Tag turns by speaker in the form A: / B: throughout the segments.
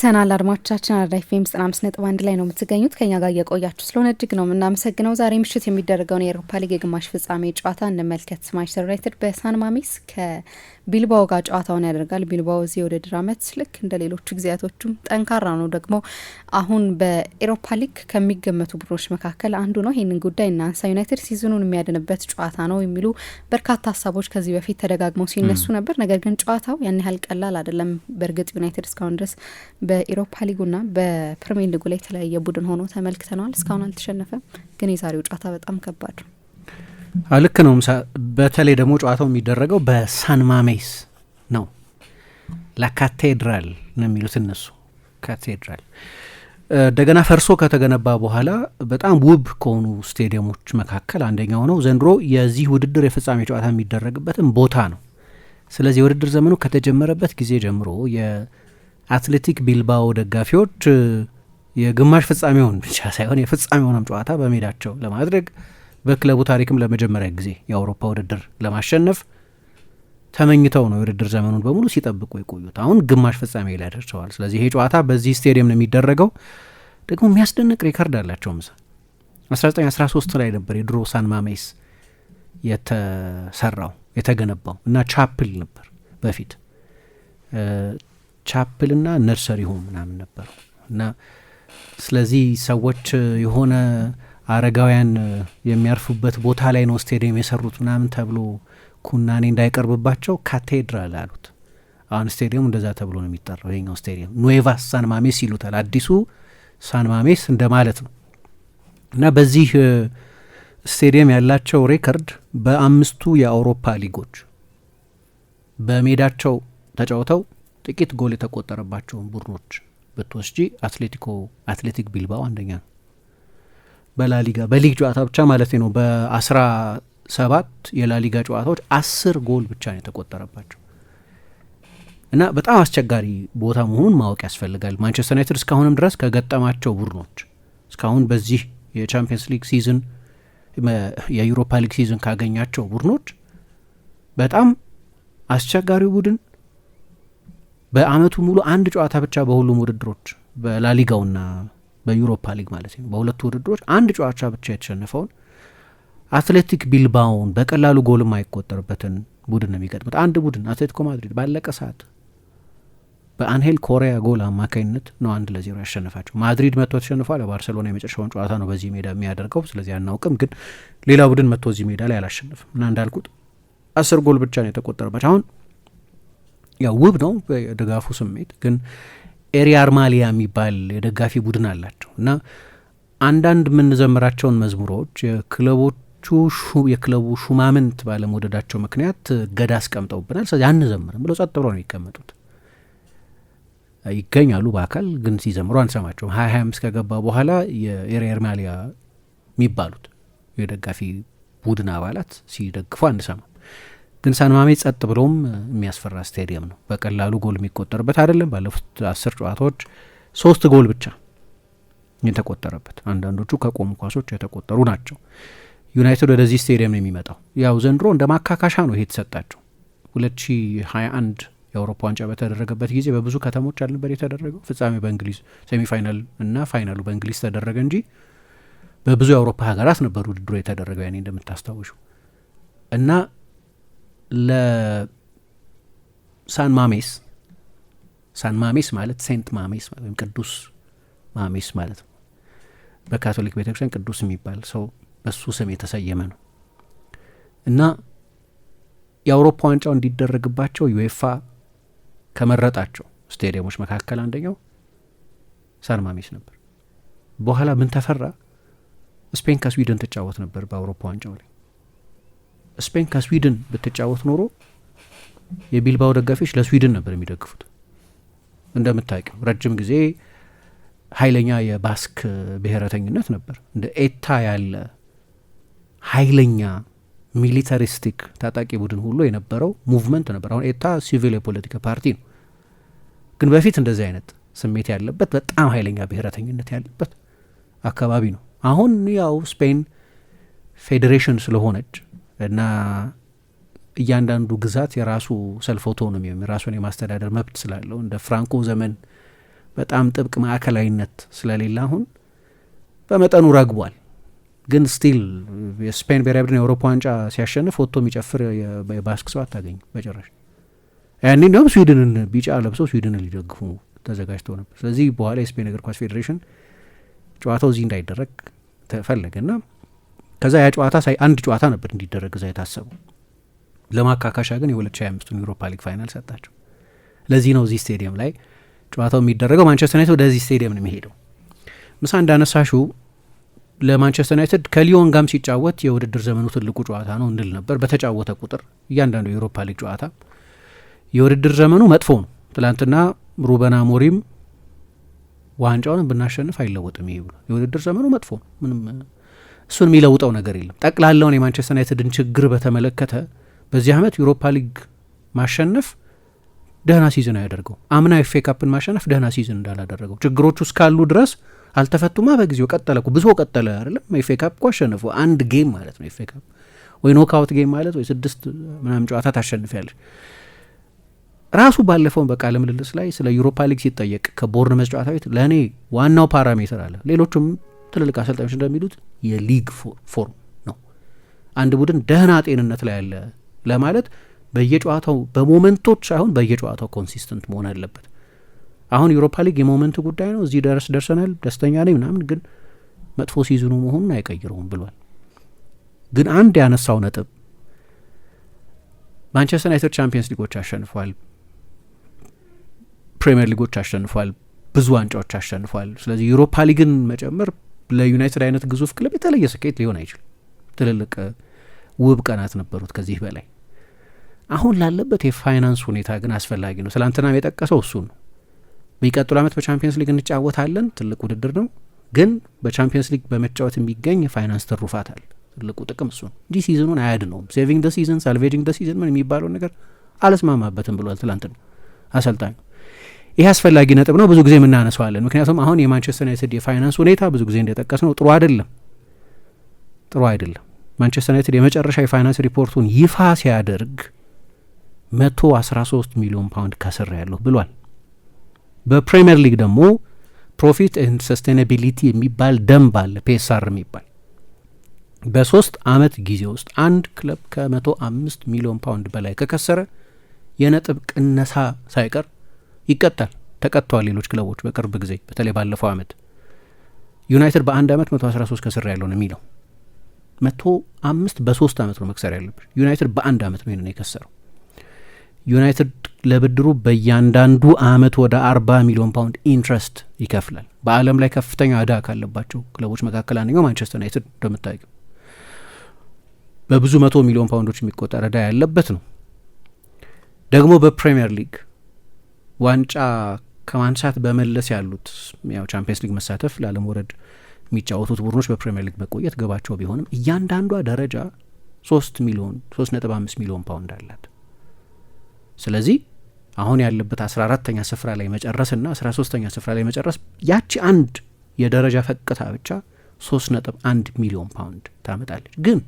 A: ተመልሰናል አድማጮቻችን፣ አራዳ ኤፍኤም ዘጠና አምስት ነጥብ አንድ ላይ ነው የምትገኙት። ከኛ ጋር እየቆያችሁ ስለሆነ እጅግ ነው የምናመሰግነው። ዛሬ ምሽት የሚደረገውን የአውሮፓ ሊግ የግማሽ ፍጻሜ ጨዋታ እንመልከት። ማንቸስተር ዩናይትድ በሳን ማሜስ ከ ቢልባኦ ጋር ጨዋታውን ያደርጋል። ቢልባኦ እዚህ የውድድር አመት ልክ እንደ ሌሎቹ ጊዜያቶቹም ጠንካራ ነው። ደግሞ አሁን በኤሮፓ ሊግ ከሚገመቱ ቡድኖች መካከል አንዱ ነው። ይህንን ጉዳይ እናንሳ። ዩናይትድ ሲዝኑን የሚያድንበት ጨዋታ ነው የሚሉ በርካታ ሀሳቦች ከዚህ በፊት ተደጋግመው ሲነሱ ነበር። ነገር ግን ጨዋታው ያን ያህል ቀላል አይደለም። በእርግጥ ዩናይትድ እስካሁን ድረስ በኤሮፓ ሊጉና በፕሪሚየር ሊጉ ላይ የተለያየ ቡድን ሆኖ ተመልክተነዋል። እስካሁን አልተሸነፈም። ግን የዛሬው ጨዋታ በጣም ከባድ ነው። ልክ ነው። በተለይ ደግሞ ጨዋታው የሚደረገው በሳን ማሜስ ነው። ላካቴድራል ነው የሚሉት እነሱ ካቴድራል እንደገና ፈርሶ ከተገነባ በኋላ በጣም ውብ ከሆኑ ስቴዲየሞች መካከል አንደኛው ነው። ዘንድሮ የዚህ ውድድር የፍጻሜ ጨዋታ የሚደረግበትም ቦታ ነው። ስለዚህ የውድድር ዘመኑ ከተጀመረበት ጊዜ ጀምሮ የአትሌቲክ ቢልባኦ ደጋፊዎች የግማሽ ፍጻሜውን ብቻ ሳይሆን የፍጻሜውንም ጨዋታ በሜዳቸው ለማድረግ በክለቡ ታሪክም ለመጀመሪያ ጊዜ የአውሮፓ ውድድር ለማሸነፍ ተመኝተው ነው የውድድር ዘመኑን በሙሉ ሲጠብቁ የቆዩት። አሁን ግማሽ ፍጻሜ ላይ ደርሰዋል። ስለዚህ ይሄ ጨዋታ በዚህ ስቴዲየም ነው የሚደረገው። ደግሞ የሚያስደንቅ ሬከርድ አላቸው። ምሳ 1913 ላይ ነበር የድሮ ሳን ማሜስ የተሰራው የተገነባው እና ቻፕል ነበር በፊት ቻፕልና ነርሰሪ ሆም ምናምን ነበረው እና ስለዚህ ሰዎች የሆነ አረጋውያን የሚያርፉበት ቦታ ላይ ነው ስቴዲየም የሰሩት ምናምን ተብሎ ኩናኔ እንዳይቀርብባቸው ካቴድራል አሉት። አሁን ስቴዲየም እንደዛ ተብሎ ነው የሚጠራው። ይኛው ስቴዲየም ኑዌቫ ሳን ማሜስ ይሉታል። አዲሱ ሳን ማሜስ እንደማለት ነው እና በዚህ ስቴዲየም ያላቸው ሬከርድ በአምስቱ የአውሮፓ ሊጎች በሜዳቸው ተጫውተው ጥቂት ጎል የተቆጠረባቸውን ቡድኖች ብትወስጂ አትሌቲኮ አትሌቲክ ቢልባው አንደኛ ነው። በላሊጋ በሊግ ጨዋታ ብቻ ማለት ነው በአስራ ሰባት የላሊጋ ጨዋታዎች አስር ጎል ብቻ ነው የተቆጠረባቸው እና በጣም አስቸጋሪ ቦታ መሆኑን ማወቅ ያስፈልጋል። ማንቸስተር ዩናይትድ እስካሁንም ድረስ ከገጠማቸው ቡድኖች እስካሁን በዚህ የቻምፒየንስ ሊግ ሲዝን የዩሮፓ ሊግ ሲዝን ካገኛቸው ቡድኖች በጣም አስቸጋሪው ቡድን በአመቱ ሙሉ አንድ ጨዋታ ብቻ በሁሉም ውድድሮች በላሊጋውና በዩሮፓ ሊግ ማለት ነው። በሁለቱ ውድድሮች አንድ ጨዋቻ ብቻ የተሸነፈውን አትሌቲክ ቢልባውን በቀላሉ ጎል የማይቆጠርበትን ቡድን ነው የሚገጥሙት። አንድ ቡድን አትሌቲኮ ማድሪድ ባለቀ ሰዓት በአንሄል ኮሪያ ጎል አማካኝነት ነው አንድ ለዜሮ ያሸነፋቸው። ማድሪድ መጥቶ ተሸንፏል። ባርሰሎና የመጨረሻውን ጨዋታ ነው በዚህ ሜዳ የሚያደርገው፣ ስለዚህ አናውቅም። ግን ሌላ ቡድን መጥቶ እዚህ ሜዳ ላይ አላሸነፍም እና እንዳልኩት አስር ጎል ብቻ ነው የተቆጠረባቸው። አሁን ያው ውብ ነው የድጋፉ ስሜት ግን ኤሪያር ማሊያ የሚባል የደጋፊ ቡድን አላቸው እና አንዳንድ የምንዘምራቸውን መዝሙሮች የክለቦቹ የክለቡ ሹማምንት ባለመውደዳቸው ምክንያት ገዳ አስቀምጠውብናል፣ ስለዚህ አንዘምርም ብለው ጸጥ ብሎ ነው የሚቀመጡት። ይገኛሉ በአካል ግን ሲዘምሩ አንሰማቸውም። ሀያ ሀያ አምስት ከገባ በኋላ የኤሪያር ማሊያ የሚባሉት የደጋፊ ቡድን አባላት ሲደግፉ አንሰማም። ግን ሳንማሜ ጸጥ ብሎም የሚያስፈራ ስቴዲየም ነው። በቀላሉ ጎል የሚቆጠርበት አይደለም። ባለፉት አስር ጨዋታዎች ሶስት ጎል ብቻ የተቆጠረበት፣ አንዳንዶቹ ከቆሙ ኳሶች የተቆጠሩ ናቸው። ዩናይትድ ወደዚህ ስቴዲየም ነው የሚመጣው። ያው ዘንድሮ እንደ ማካካሻ ነው ይሄ የተሰጣቸው። 2021 የአውሮፓ ዋንጫ በተደረገበት ጊዜ በብዙ ከተሞች አልነበር የተደረገው። ፍጻሜ በእንግሊዝ ሴሚፋይናል እና ፋይናሉ በእንግሊዝ ተደረገ እንጂ በብዙ የአውሮፓ ሀገራት ነበር ውድድሮ የተደረገው ያኔ እንደምታስታውሹ እና ለሳን ማሜስ ሳን ማሜስ ማለት ሴንት ማሜስ ወይም ቅዱስ ማሜስ ማለት ነው። በካቶሊክ ቤተክርስቲያን ቅዱስ የሚባል ሰው በሱ ስም የተሰየመ ነው እና የአውሮፓ ዋንጫው እንዲደረግባቸው ዩኤፋ ከመረጣቸው ስቴዲየሞች መካከል አንደኛው ሳን ማሜስ ነበር። በኋላ ምን ተፈራ? ስፔን ከስዊድን ትጫወት ነበር በአውሮፓ ዋንጫው ላይ ስፔን ከስዊድን ብትጫወት ኖሮ የቢልባው ደጋፊዎች ለስዊድን ነበር የሚደግፉት። እንደምታውቂው ረጅም ጊዜ ኃይለኛ የባስክ ብሔረተኝነት ነበር። እንደ ኤታ ያለ ኃይለኛ ሚሊታሪስቲክ ታጣቂ ቡድን ሁሉ የነበረው ሙቭመንት ነበር። አሁን ኤታ ሲቪል የፖለቲካ ፓርቲ ነው፣ ግን በፊት እንደዚህ አይነት ስሜት ያለበት በጣም ኃይለኛ ብሔረተኝነት ያለበት አካባቢ ነው። አሁን ያው ስፔን ፌዴሬሽን ስለሆነች እና እያንዳንዱ ግዛት የራሱ ሰልፍ ኦቶኖሚ ወይም የራሱን የማስተዳደር መብት ስላለው እንደ ፍራንኮ ዘመን በጣም ጥብቅ ማዕከላዊነት ስለሌለ አሁን በመጠኑ ረግቧል። ግን ስቲል የስፔን ብሔራዊ ቡድን የአውሮፓ ዋንጫ ሲያሸንፍ ወጥቶ የሚጨፍር የባስክ ሰው አታገኝ በጭራሽ። ያኔ እንዲሁም ስዊድንን ቢጫ ለብሰው ስዊድንን ሊደግፉ ተዘጋጅተው ነበር። ስለዚህ በኋላ የስፔን እግር ኳስ ፌዴሬሽን ጨዋታው እዚህ እንዳይደረግ ተፈለገና ከዛ ያ ጨዋታ ሳይ አንድ ጨዋታ ነበር እንዲደረግ እዛ የታሰበው ለማካካሻ ግን የ 2025 አምስቱን ዩሮፓ ሊግ ፋይናል ሰጣቸው። ለዚህ ነው እዚህ ስቴዲየም ላይ ጨዋታው የሚደረገው። ማንቸስተር ዩናይትድ ወደዚህ ስቴዲየም ነው የሚሄደው። ምሳ እንዳነሳሹ ለማንቸስተር ዩናይትድ ከሊዮን ጋም ሲጫወት የውድድር ዘመኑ ትልቁ ጨዋታ ነው እንል ነበር። በተጫወተ ቁጥር እያንዳንዱ የዩሮፓ ሊግ ጨዋታ የውድድር ዘመኑ መጥፎ ነው። ትላንትና ሩበን አሞሪም ዋንጫውን ብናሸንፍ አይለወጥም ይሄ ብሎ የውድድር ዘመኑ መጥፎ ነው ምንም እሱን የሚለውጠው ነገር የለም። ጠቅላላውን የማንቸስተር ዩናይትድን ችግር በተመለከተ በዚህ ዓመት ዩሮፓ ሊግ ማሸነፍ ደህና ሲዝን አያደርገው። አምና ኤፍ ኤ ካፕን ማሸነፍ ደህና ሲዝን እንዳላደረገው ችግሮቹ እስካሉ ድረስ አልተፈቱማ። በጊዜው ቀጠለ ብዙ ቀጠለ አይደለም። ኤፍ ኤ ካፕ እኮ አሸነፉ። አንድ ጌም ማለት ነው ኤፍ ኤ ካፕ ወይ ኖካውት ጌም ማለት ወይ ስድስት ምናምን ጨዋታ ታሸንፊያለሽ። ራሱ ባለፈውን በቃለ ምልልስ ላይ ስለ ዩሮፓ ሊግ ሲጠየቅ ከቦርንመዝ ጨዋታ ቤት ለእኔ ዋናው ፓራሜትር አለ። ሌሎቹም ትልልቅ አሰልጣኞች እንደሚሉት የሊግ ፎርም ነው። አንድ ቡድን ደህና ጤንነት ላይ ያለ ለማለት በየጨዋታው በሞመንቶች ሳይሆን በየጨዋታው ኮንሲስተንት መሆን አለበት። አሁን ዩሮፓ ሊግ የሞመንት ጉዳይ ነው። እዚህ ደረስ ደርሰናል፣ ደስተኛ ነኝ ምናምን፣ ግን መጥፎ ሲዝኑ መሆኑን አይቀይረውም ብሏል። ግን አንድ ያነሳው ነጥብ ማንቸስተር ዩናይትድ ቻምፒየንስ ሊጎች አሸንፏል፣ ፕሪምየር ሊጎች አሸንፏል፣ ብዙ ዋንጫዎች አሸንፏል። ስለዚህ ዩሮፓ ሊግን መጨመር ለዩናይትድ አይነት ግዙፍ ክለብ የተለየ ስኬት ሊሆን አይችልም። ትልልቅ ውብ ቀናት ነበሩት ከዚህ በላይ። አሁን ላለበት የፋይናንስ ሁኔታ ግን አስፈላጊ ነው። ትላንትናም የጠቀሰው እሱ ነው። በሚቀጥሉ ዓመት በቻምፒየንስ ሊግ እንጫወታለን። ትልቅ ውድድር ነው፣ ግን በቻምፒየንስ ሊግ በመጫወት የሚገኝ የፋይናንስ ትሩፋት አለ። ትልቁ ጥቅም እሱ ነው እንጂ ሲዝኑን አያድነውም። ሴቪንግ ደ ሲዝን፣ ሳልቬጂንግ ደ ሲዝን ምን የሚባለው ነገር አለስማማበትም ብሏል ትላንት ነው አሰልጣኝ ይሄ አስፈላጊ ነጥብ ነው፣ ብዙ ጊዜ የምናነሰዋለን። ምክንያቱም አሁን የማንቸስተር ዩናይትድ የፋይናንስ ሁኔታ ብዙ ጊዜ እንደጠቀስ ነው ጥሩ አይደለም፣ ጥሩ አይደለም። ማንቸስተር ዩናይትድ የመጨረሻ የፋይናንስ ሪፖርቱን ይፋ ሲያደርግ መቶ አስራ ሶስት ሚሊዮን ፓውንድ ከስር ያለሁ ብሏል። በፕሪምየር ሊግ ደግሞ ፕሮፊት ኤንድ ሰስቴናቢሊቲ የሚባል ደንብ አለ፣ ፒኤስአር የሚባል በሶስት አመት ጊዜ ውስጥ አንድ ክለብ ከመቶ አምስት ሚሊዮን ፓውንድ በላይ ከከሰረ የነጥብ ቅነሳ ሳይቀር ይቀጣል። ተቀጥተዋል። ሌሎች ክለቦች በቅርብ ጊዜ በተለይ ባለፈው አመት ዩናይትድ በአንድ አመት መቶ አስራ ሶስት ከስር ያለው ነው የሚለው መቶ አምስት በሶስት አመት ነው መክሰር ያለብሽ። ዩናይትድ በአንድ አመት ነው ይህንን የከሰረው። ዩናይትድ ለብድሩ በእያንዳንዱ አመት ወደ አርባ ሚሊዮን ፓውንድ ኢንትረስት ይከፍላል። በአለም ላይ ከፍተኛ እዳ ካለባቸው ክለቦች መካከል አንደኛው ማንቸስተር ዩናይትድ እንደምታውቂው በብዙ መቶ ሚሊዮን ፓውንዶች የሚቆጠር እዳ ያለበት ነው። ደግሞ በፕሪምየር ሊግ ዋንጫ ከማንሳት በመለስ ያሉት ያው ቻምፒየንስ ሊግ መሳተፍ ላለመውረድ የሚጫወቱት ቡድኖች በፕሪምየር ሊግ መቆየት ግባቸው ቢሆንም እያንዳንዷ ደረጃ ሶስት ሚሊዮን ሶስት ነጥብ አምስት ሚሊዮን ፓውንድ አላት። ስለዚህ አሁን ያለበት አስራ አራተኛ ስፍራ ላይ መጨረስና አስራ ሶስተኛ ስፍራ ላይ መጨረስ ያቺ አንድ የደረጃ ፈቅታ ብቻ ሶስት ነጥብ አንድ ሚሊዮን ፓውንድ ታመጣለች። ግን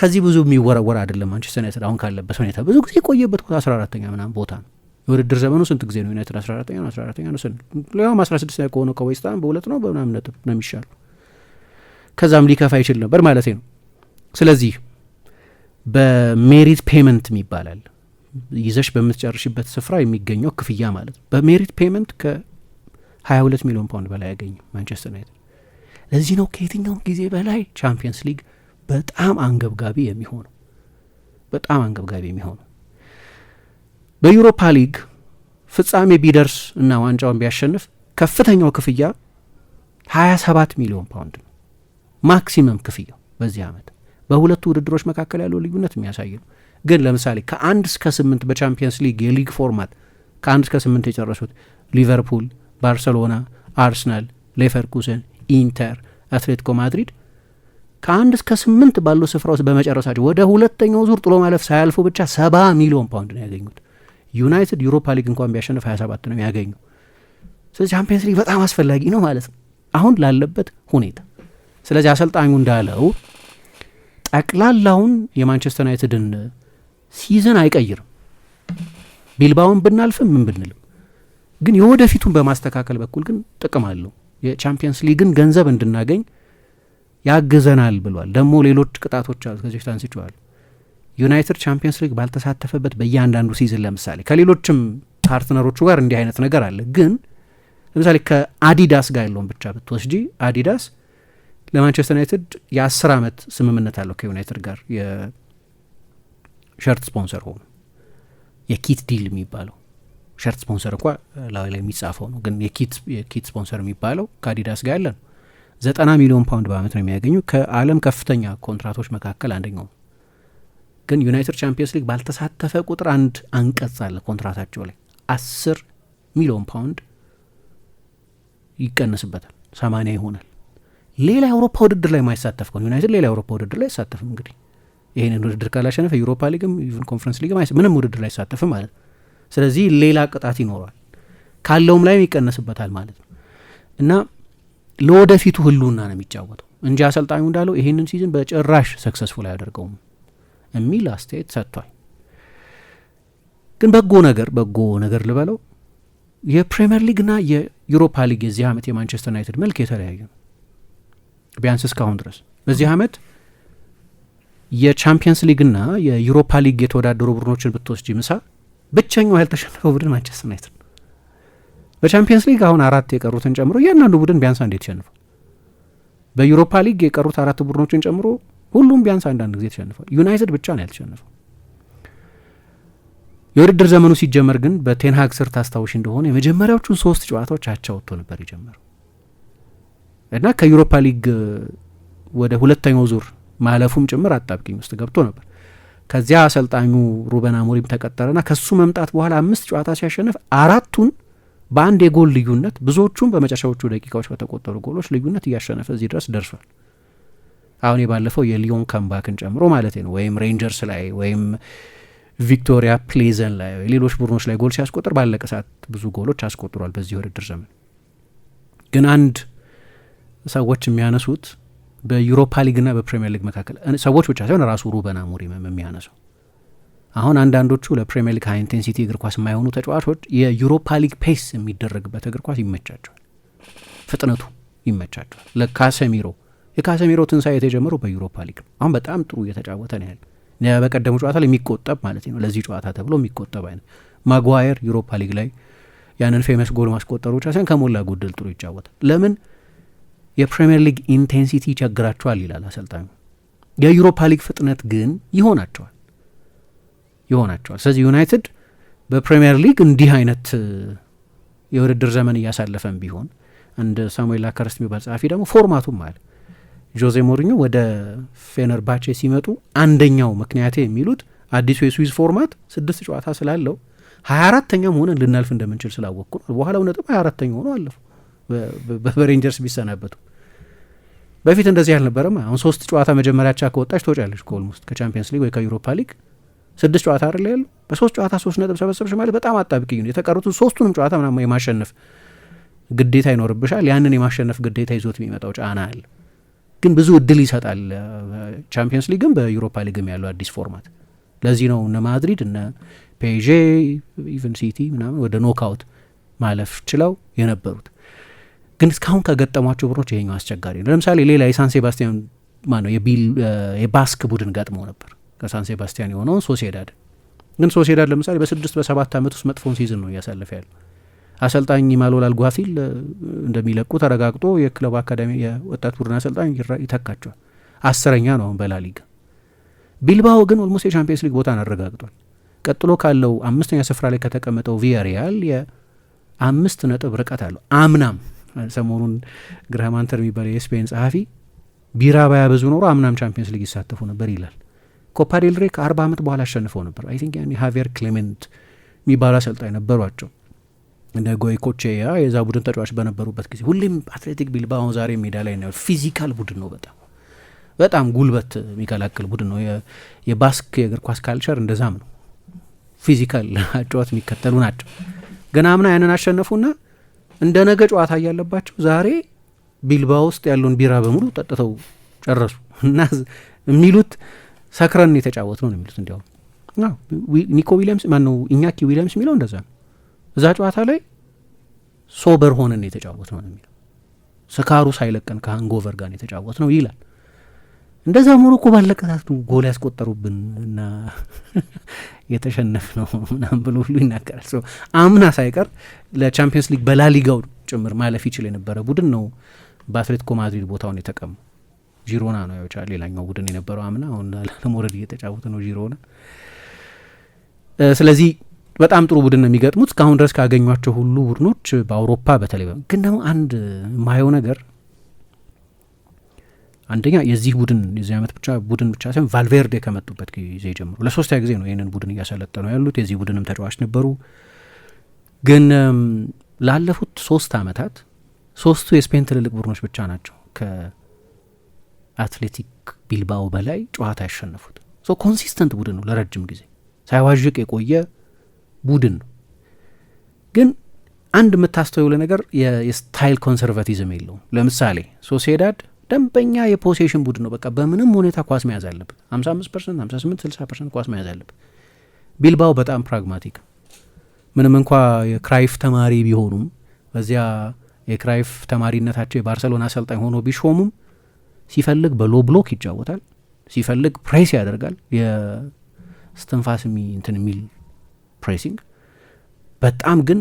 A: ከዚህ ብዙ የሚወረወር አይደለም። ማንቸስተር ዩናይትድ አሁን ካለበት ሁኔታ ብዙ ጊዜ የቆየበት ቦታ አስራ አራተኛ ምናምን ቦታ ነው። የውድድር ዘመኑ ስንት ጊዜ ነው ዩናይትድ አስራ አራተኛ ነው አስራ አራተኛ ነው ስንል ሊሆም አስራ ስድስተኛ ከሆነ ከዌስትሀም በሁለት ነው በምናምን ነጥብ ነው የሚሻሉ ከዛም ሊከፋ ይችል ነበር ማለት ነው ስለዚህ በሜሪት ፔመንት ይባላል ይዘሽ በምትጨርሽበት ስፍራ የሚገኘው ክፍያ ማለት ነው በሜሪት ፔመንት ከ ሁለት ሚሊዮን ፓውንድ በላይ ያገኝ ማንቸስተር ዩናይትድ ለዚህ ነው ከየትኛውም ጊዜ በላይ ቻምፒየንስ ሊግ በጣም አንገብጋቢ የሚሆነው በጣም አንገብጋቢ የሚሆነው በዩሮፓ ሊግ ፍጻሜ ቢደርስ እና ዋንጫውን ቢያሸንፍ ከፍተኛው ክፍያ 27 ሚሊዮን ፓውንድ ነው። ማክሲመም ክፍያው በዚህ ዓመት በሁለቱ ውድድሮች መካከል ያለው ልዩነት የሚያሳይ ነው። ግን ለምሳሌ ከአንድ እስከ ስምንት በቻምፒየንስ ሊግ የሊግ ፎርማት ከአንድ እስከ ስምንት የጨረሱት ሊቨርፑል፣ ባርሰሎና፣ አርሰናል፣ ሌቨርኩሰን፣ ኢንተር፣ አትሌቲኮ ማድሪድ ከአንድ እስከ ስምንት ባለው ስፍራ ውስጥ በመጨረሳቸው ወደ ሁለተኛው ዙር ጥሎ ማለፍ ሳያልፉ ብቻ ሰባ ሚሊዮን ፓውንድ ነው ያገኙት። ዩናይትድ ዩሮፓ ሊግ እንኳን ቢያሸንፍ 27 ነው የሚያገኙ። ስለዚህ ቻምፒየንስ ሊግ በጣም አስፈላጊ ነው ማለት ነው አሁን ላለበት ሁኔታ። ስለዚህ አሰልጣኙ እንዳለው ጠቅላላውን የማንቸስተር ዩናይትድን ሲዝን አይቀይርም። ቢልባውን ብናልፍም ምን ብንልም ግን የወደፊቱን በማስተካከል በኩል ግን ጥቅም አለው። የቻምፒየንስ ሊግን ገንዘብ እንድናገኝ ያግዘናል ብሏል። ደግሞ ሌሎች ቅጣቶች አሉ። ከዚህ ዩናይትድ ቻምፒየንስ ሊግ ባልተሳተፈበት በእያንዳንዱ ሲዝን ለምሳሌ ከሌሎችም ፓርትነሮቹ ጋር እንዲህ አይነት ነገር አለ። ግን ለምሳሌ ከአዲዳስ ጋር ያለውን ብቻ ብትወስጂ አዲዳስ ለማንቸስተር ዩናይትድ የአስር ዓመት ስምምነት አለው ከዩናይትድ ጋር የሸርት ስፖንሰር ሆኑ የኪት ዲል የሚባለው ሸርት ስፖንሰር እንኳ ላይ ላይ የሚጻፈው ነው፣ ግን የኪት ስፖንሰር የሚባለው ከአዲዳስ ጋር ያለ ነው። ዘጠና ሚሊዮን ፓውንድ በአመት ነው የሚያገኙ ከዓለም ከፍተኛ ኮንትራቶች መካከል አንደኛው ግን ዩናይትድ ቻምፒየንስ ሊግ ባልተሳተፈ ቁጥር አንድ አንቀጽ አለ ኮንትራታቸው ላይ አስር ሚሊዮን ፓውንድ ይቀንስበታል፣ ሰማንያ ይሆናል። ሌላ የአውሮፓ ውድድር ላይ ማይሳተፍ ከሆነ ዩናይትድ ሌላ የአውሮፓ ውድድር ላይ አይሳተፍም። እንግዲህ ይህንን ውድድር ካላሸነፈ ዩሮፓ ሊግም ኢቨን ኮንፈረንስ ሊግም ምንም ውድድር ላይ አይሳተፍም ማለት ነው። ስለዚህ ሌላ ቅጣት ይኖረዋል፣ ካለውም ላይም ይቀነስበታል ማለት ነው እና ለወደፊቱ ህልውና ነው የሚጫወተው እንጂ አሰልጣኙ እንዳለው ይህንን ሲዝን በጭራሽ ሰክሰስፉል አያደርገውም። የሚል አስተያየት ሰጥቷል። ግን በጎ ነገር በጎ ነገር ልበለው የፕሪምየር ሊግና የዩሮፓ ሊግ የዚህ ዓመት የማንቸስተር ዩናይትድ መልክ የተለያዩ ነው። ቢያንስ እስካሁን ድረስ በዚህ ዓመት የቻምፒየንስ ሊግና የዩሮፓ ሊግ የተወዳደሩ ቡድኖችን ብትወስጂ ምሳ ብቸኛው ያልተሸነፈው ቡድን ማንቸስተር ዩናይትድ ነው። በቻምፒየንስ ሊግ አሁን አራት የቀሩትን ጨምሮ እያንዳንዱ ቡድን ቢያንስ አንድ የተሸንፏል። በዩሮፓ ሊግ የቀሩት አራት ቡድኖችን ጨምሮ ሁሉም ቢያንስ አንዳንድ ጊዜ ተሸንፏል። ዩናይትድ ብቻ ነው ያልተሸንፈው። የውድድር ዘመኑ ሲጀመር ግን በቴንሃግ ስር ታስታውሽ እንደሆነ የመጀመሪያዎቹን ሶስት ጨዋታዎች አቻ ወጥቶ ነበር የጀመረው እና ከዩሮፓ ሊግ ወደ ሁለተኛው ዙር ማለፉም ጭምር አጣብቂኝ ውስጥ ገብቶ ነበር። ከዚያ አሰልጣኙ ሩበን አሞሪም ተቀጠረና ከሱ መምጣት በኋላ አምስት ጨዋታ ሲያሸንፍ አራቱን በአንድ የጎል ልዩነት ብዙዎቹም በመጨረሻዎቹ ደቂቃዎች በተቆጠሩ ጎሎች ልዩነት እያሸነፈ እዚህ ድረስ ደርሷል። አሁን የባለፈው የሊዮን ካምባክን ጨምሮ ማለት ነው ወይም ሬንጀርስ ላይ ወይም ቪክቶሪያ ፕሌዘን ላይ ሌሎች ቡድኖች ላይ ጎል ሲያስቆጥር ባለቀ ሰዓት ብዙ ጎሎች አስቆጥሯል። በዚህ ውድድር ዘመን ግን አንድ ሰዎች የሚያነሱት በዩሮፓ ሊግና በፕሪሚየር ሊግ መካከል ሰዎች ብቻ ሳይሆን ራሱ ሩበን አሞሪም የሚያነሰው አሁን አንዳንዶቹ ለፕሪሚየር ሊግ ሀይ ኢንቴንሲቲ እግር ኳስ የማይሆኑ ተጫዋቾች የዩሮፓ ሊግ ፔስ የሚደረግበት እግር ኳስ ይመቻቸዋል፣ ፍጥነቱ ይመቻቸዋል። ለካሰሚሮ የካሰሚሮ ትንሳኤ የተጀመረው በዩሮፓ ሊግ ነው። አሁን በጣም ጥሩ እየተጫወተ ነው ያለ በቀደሙ ጨዋታ ላይ የሚቆጠብ ማለት ነው ለዚህ ጨዋታ ተብሎ የሚቆጠብ አይነት ማጓየር ዩሮፓ ሊግ ላይ ያንን ፌመስ ጎል ማስቆጠሩ ብቻ ሳይሆን ከሞላ ጎደል ጥሩ ይጫወታል። ለምን የፕሪምየር ሊግ ኢንቴንሲቲ ይቸግራቸዋል ይላል አሰልጣኙ። የዩሮፓ ሊግ ፍጥነት ግን ይሆናቸዋል ይሆናቸዋል። ስለዚህ ዩናይትድ በፕሪምየር ሊግ እንዲህ አይነት የውድድር ዘመን እያሳለፈን ቢሆን እንደ ሳሙኤል ላከርስት የሚባል ጸሐፊ ደግሞ ፎርማቱም አለ ጆዜ ሞሪኞ ወደ ፌነር ባቼ ሲመጡ አንደኛው ምክንያቴ የሚሉት አዲሱ የስዊዝ ፎርማት ስድስት ጨዋታ ስላለው ሀያ አራተኛም ሆነን ልናልፍ እንደምንችል ስላወቅኩ ነው። በኋላው ነጥብ ሀያ አራተኛ ሆኖ አለፉ። በሬንጀርስ ቢሰናበቱ በፊት እንደዚህ አልነበረም። አሁን ሶስት ጨዋታ መጀመሪያ ከወጣች ትወጫለች ከኦልሞስት ከቻምፒየንስ ሊግ ወይ ከዩሮፓ ሊግ ስድስት ጨዋታ አይደል ያሉ በሶስት ጨዋታ ሶስት ነጥብ ሰበሰብሽ ማለት በጣም አጣብቂኝ ነው። የተቀሩትን ሶስቱንም ጨዋታ ምናምን የማሸነፍ ግዴታ ይኖርብሻል። ያንን የማሸነፍ ግዴታ ይዞት የሚመጣው ጫና አለ። ግን ብዙ እድል ይሰጣል። ቻምፒየንስ ሊግም በዩሮፓ ሊግም ያለው አዲስ ፎርማት ለዚህ ነው እነ ማድሪድ እነ ፔዤ ኢቨን ሲቲ ምናምን ወደ ኖክአውት ማለፍ ችለው የነበሩት። ግን እስካሁን ከገጠሟቸው ቡድኖች ይሄኛው አስቸጋሪ ነው። ለምሳሌ ሌላ የሳን ሴባስቲያን ማነው የባስክ ቡድን ገጥሞ ነበር ከሳን ሴባስቲያን የሆነውን ሶሴዳድ። ግን ሶሴዳድ ለምሳሌ በስድስት በሰባት ዓመት ውስጥ መጥፎን ሲዝን ነው እያሳለፈ ያለው አሰልጣኝ ማሎላል ጓፊል እንደሚለቁ ተረጋግጦ የክለቡ አካዳሚ የወጣት ቡድን አሰልጣኝ ይተካቸዋል። አስረኛ ነው አሁን በላሊጋ። ቢልባኦ ግን ኦልሞስት የቻምፒየንስ ሊግ ቦታን አረጋግጧል። ቀጥሎ ካለው አምስተኛ ስፍራ ላይ ከተቀመጠው ቪያሪያል የአምስት ነጥብ ርቀት አለው። አምናም ሰሞኑን ግራሃም አንተር የስፔን ጸሐፊ ቢራ ባያበዙ ኖሮ አምናም ቻምፒየንስ ሊግ ይሳተፉ ነበር ይላል። ኮፓ ከአርባ ዓመት በኋላ አሸንፈው ነበር። አይ ቲንክ ያኔ ሃቪየር ክሌሜንት የሚባሉ አሰልጣኝ ነበሯቸው። እንደ ጎይኮቼያ የዛ ቡድን ተጫዋች በነበሩበት ጊዜ ሁሌም አትሌቲክ ቢልባኦ ዛሬ ሜዳ ላይ ነው። ፊዚካል ቡድን ነው። በጣም በጣም ጉልበት የሚቀላቅል ቡድን ነው። የባስክ የእግር ኳስ ካልቸር እንደዛም ነው። ፊዚካል ጨዋት የሚከተሉ ናቸው። ገና አምና ያንን አሸነፉና እንደ ነገ ጨዋታ እያለባቸው ዛሬ ቢልባ ውስጥ ያለውን ቢራ በሙሉ ጠጥተው ጨረሱ እና የሚሉት ሰክረን የተጫወት ነው ነው የሚሉት እንዲያውም ኒኮ ዊሊያምስ ማነው ኢኛኪ ዊሊያምስ የሚለው እንደዛ ነው እዛ ጨዋታ ላይ ሶበር ሆነን የተጫወት ነው የሚለው ስካሩ ሳይለቀን ከሃንጎቨር ጋር የተጫወት ነው ይላል። እንደዛ ሞሮኮ ባለቀ ሰዓት ጎል ያስቆጠሩብን እና የተሸነፍ ነው ምናምን ብሎ ሁሉ ይናገራል። ሰው አምና ሳይቀር ለቻምፒየንስ ሊግ በላሊጋው ጭምር ማለፍ ይችል የነበረ ቡድን ነው። በአትሌቲኮ ማድሪድ ቦታውን የተቀሙ ጂሮና ነው ያውጫ ሌላኛው ቡድን የነበረው አምና። አሁን ለመውረድ እየተጫወተ ነው ጂሮና። ስለዚህ በጣም ጥሩ ቡድን ነው የሚገጥሙት እስካሁን ድረስ ካገኟቸው ሁሉ ቡድኖች በአውሮፓ በተለይ ግን ደግሞ አንድ የማየው ነገር አንደኛ የዚህ ቡድን የዚህ ዓመት ብቻ ቡድን ብቻ ሳይሆን ቫልቬርዴ ከመጡበት ጊዜ ጀምሮ ለሶስተኛ ጊዜ ነው ይህንን ቡድን እያሰለጠኑ ያሉት። የዚህ ቡድንም ተጫዋች ነበሩ። ግን ላለፉት ሶስት አመታት ሶስቱ የስፔን ትልልቅ ቡድኖች ብቻ ናቸው ከአትሌቲክ ቢልባኦ በላይ ጨዋታ ያሸነፉት። ኮንሲስተንት ቡድን ነው ለረጅም ጊዜ ሳይዋዥቅ የቆየ ቡድን ነው። ግን አንድ የምታስተውለ ነገር የስታይል ኮንሰርቫቲዝም የለውም። ለምሳሌ ሶሴዳድ ደንበኛ የፖሴሽን ቡድን ነው። በቃ በምንም ሁኔታ ኳስ መያዝ አለብን፣ 55 ፐርሰንት፣ 58፣ 60 ፐርሰንት ኳስ መያዝ አለብን። ቢልባው በጣም ፕራግማቲክ ምንም እንኳ የክራይፍ ተማሪ ቢሆኑም በዚያ የክራይፍ ተማሪነታቸው የባርሰሎና አሰልጣኝ ሆኖ ቢሾሙም ሲፈልግ በሎ ብሎክ ይጫወታል፣ ሲፈልግ ፕሬስ ያደርጋል። የስትንፋስ እንትን የሚል ፕሬሲንግ በጣም ግን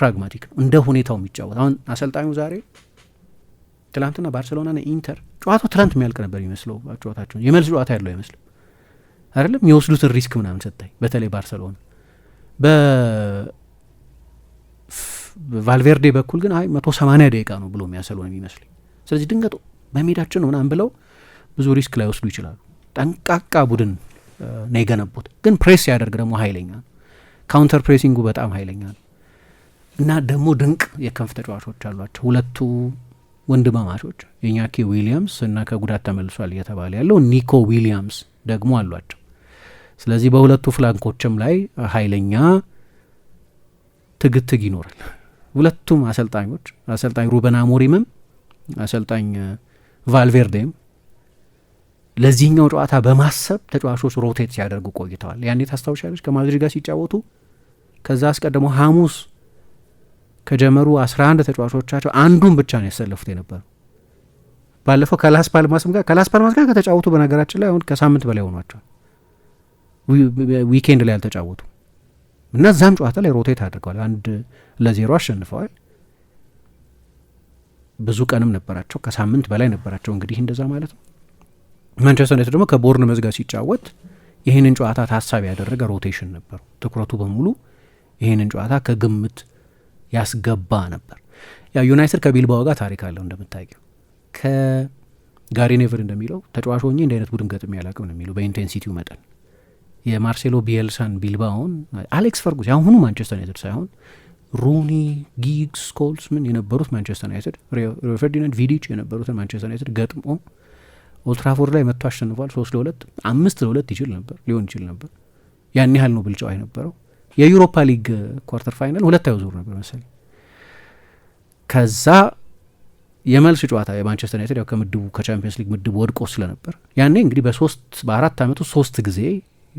A: ፕራግማቲክ ነው፣ እንደ ሁኔታው የሚጫወት አሁን አሰልጣኙ ዛሬ ትላንትና ባርሴሎና ና ኢንተር ጨዋታው ትላንት የሚያልቅ ነበር ይመስለው ጨዋታቸውን የመልስ ጨዋታ ያለው አይመስልም አይደለም የወስዱትን ሪስክ ምናምን ስታይ በተለይ ባርሴሎና በቫልቬርዴ በኩል ግን አይ መቶ ሰማኒያ ደቂቃ ነው ብሎ የሚያሰሉ ነው የሚመስለኝ ስለዚህ ድንገት በሜዳችን ነው ምናምን ብለው ብዙ ሪስክ ላይ ወስዱ ይችላሉ ጠንቃቃ ቡድን ነው የገነቡት ግን ፕሬስ ያደርግ ደግሞ ሀይለኛ ነው ካውንተር ፕሬሲንጉ በጣም ኃይለኛ ነው እና ደግሞ ድንቅ የከንፍ ተጫዋቾች አሏቸው ሁለቱ ወንድማማቾች የኛኪ ዊሊያምስ እና ከጉዳት ተመልሷል እየተባለ ያለው ኒኮ ዊሊያምስ ደግሞ አሏቸው። ስለዚህ በሁለቱ ፍላንኮችም ላይ ኃይለኛ ትግትግ ይኖራል። ሁለቱም አሰልጣኞች አሰልጣኝ ሩበን አሞሪምም አሰልጣኝ ቫልቬርዴም ለዚህኛው ጨዋታ በማሰብ ተጫዋቾች ሮቴት ሲያደርጉ ቆይተዋል። ያኔ ታስታውሻለች ከማድሪድ ጋር ሲጫወቱ ከዛ አስቀድሞ ሐሙስ ከጀመሩ አስራ አንድ ተጫዋቾቻቸው አንዱን ብቻ ነው ያሰለፉት የነበሩ ባለፈው ከላስ ፓልማስም ጋር ከላስ ፓልማስ ጋር ከተጫወቱ በነገራችን ላይ አሁን ከሳምንት በላይ ሆኗቸዋል። ዊኬንድ ላይ አልተጫወቱ እና እዛም ጨዋታ ላይ ሮቴት አድርገዋል። አንድ ለዜሮ አሸንፈዋል። ብዙ ቀንም ነበራቸው፣ ከሳምንት በላይ ነበራቸው። እንግዲህ እንደዛ ማለት ነው። ማንቸስተር ዩናይትድ ደግሞ ከቦርን መዝጋ ሲጫወት ይህንን ጨዋታ ታሳቢ ያደረገ ሮቴሽን ነበሩ። ትኩረቱ በሙሉ ይህንን ጨዋታ ከግምት ያስገባ ነበር። ያ ዩናይትድ ከቢልባዋ ጋር ታሪክ አለው እንደምታየው ከጋሪ ኔቨር እንደሚለው ተጫዋች ሆኜ እንደ አይነት ቡድን ገጥሜ አላውቅም ነው የሚለው በኢንቴንሲቲው መጠን የማርሴሎ ቢየልሳን ቢልባውን አሌክስ ፈርጉስ የአሁኑ ማንቸስተር ዩናይትድ ሳይሆን ሩኒ፣ ጊግስ፣ ኮልስ ምን የነበሩት ማንቸስተር ዩናይትድ ሪዮ ፈርዲናንድ፣ ቪዲች የነበሩትን ማንቸስተር ዩናይትድ ገጥሞ ኦልትራፎርድ ላይ መጥቶ አሸንፏል። ሶስት ለሁለት አምስት ለሁለት ይችል ነበር ሊሆን ይችል ነበር። ያን ያህል ነው ብልጫው የነበረው። የዩሮፓ ሊግ ኳርተር ፋይናል ሁለታዊ ዙር ነበር መሰለኝ። ከዛ የመልስ ጨዋታ የማንቸስተር ዩናይትድ ያው ከምድቡ ከቻምፒየንስ ሊግ ምድቡ ወድቆ ስለነበር ያኔ እንግዲህ በሶስት በአራት አመቱ ሶስት ጊዜ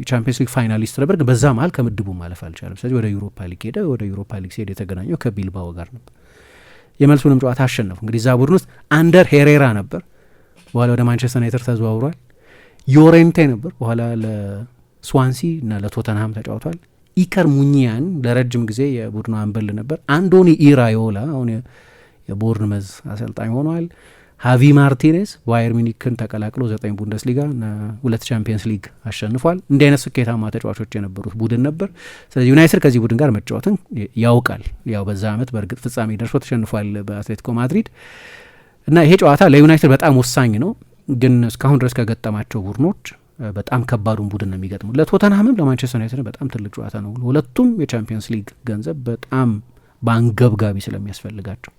A: የቻምፒየንስ ሊግ ፋይናሊስት ነበር። ግን በዛ መሀል ከምድቡ ማለፍ አልቻለም። ስለዚህ ወደ ዩሮፓ ሊግ ሄደ። ወደ ዩሮፓ ሊግ ሲሄድ የተገናኘው ከቢልባኦ ጋር ነበር። የመልሱንም ጨዋታ አሸነፉ። እንግዲህ እዛ ቡድን ውስጥ አንደር ሄሬራ ነበር፣ በኋላ ወደ ማንቸስተር ዩናይትድ ተዘዋውሯል። ዮሬንቴ ነበር፣ በኋላ ለስዋንሲ እና ለቶተንሃም ተጫውቷል። ኢከር ሙኒያን ለረጅም ጊዜ የቡድኑ አንበል ነበር። አንዶኒ ኢራዮላ አሁን መዝ አሰልጣኝ ሆኗል። ሃቪ ማርቲኔዝ ባየር ሚኒክን ተቀላቅሎ ዘጠኝ ቡንደስ ሊጋ ሁለት ቻምፒየንስ ሊግ አሸንፏል። እንዲህ አይነት ስኬታማ ተጫዋቾች የነበሩት ቡድን ነበር። ስለዚህ ዩናይትድ ከዚህ ቡድን ጋር መጫወትን ያውቃል። ያው በዛ ዓመት በእርግጥ ፍጻሜ ደርሶ ተሸንፏል በአትሌቲኮ ማድሪድ እና ይሄ ጨዋታ ለዩናይትድ በጣም ወሳኝ ነው። ግን እስካሁን ድረስ ከገጠማቸው ቡድኖች በጣም ከባዱን ቡድን ነው የሚገጥመው። ለቶተንሃምም ለማንቸስተር ዩናይትድ በጣም ትልቅ ጨዋታ ነው። ሁለቱም የቻምፒየንስ ሊግ ገንዘብ በጣም በአንገብጋቢ ስለሚያስፈልጋቸው